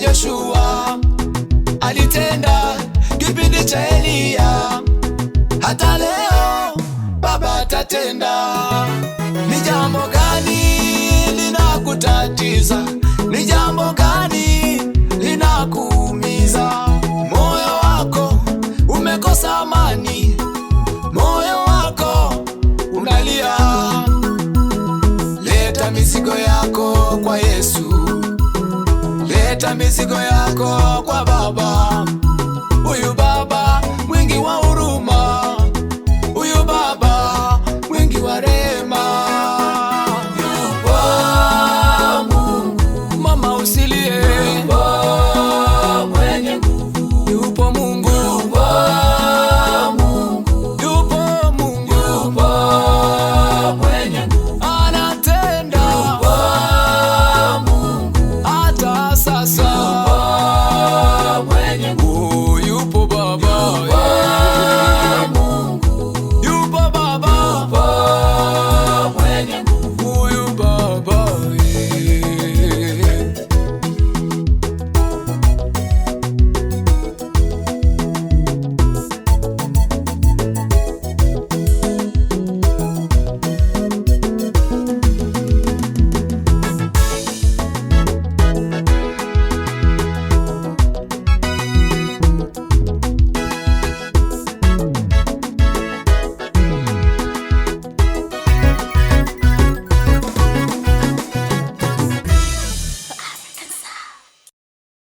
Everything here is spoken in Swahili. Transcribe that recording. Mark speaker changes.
Speaker 1: Joshua alitenda kipindi cha Eliya, hata leo Baba atatenda. Ni jambo gani linakutatiza? Ni jambo gani linakuumiza? Moyo wako umekosa amani, moyo wako unalia. Leta mizigo yako kwa Yesu leta mizigo yako kwa Baba. Huyu Baba mwingi wa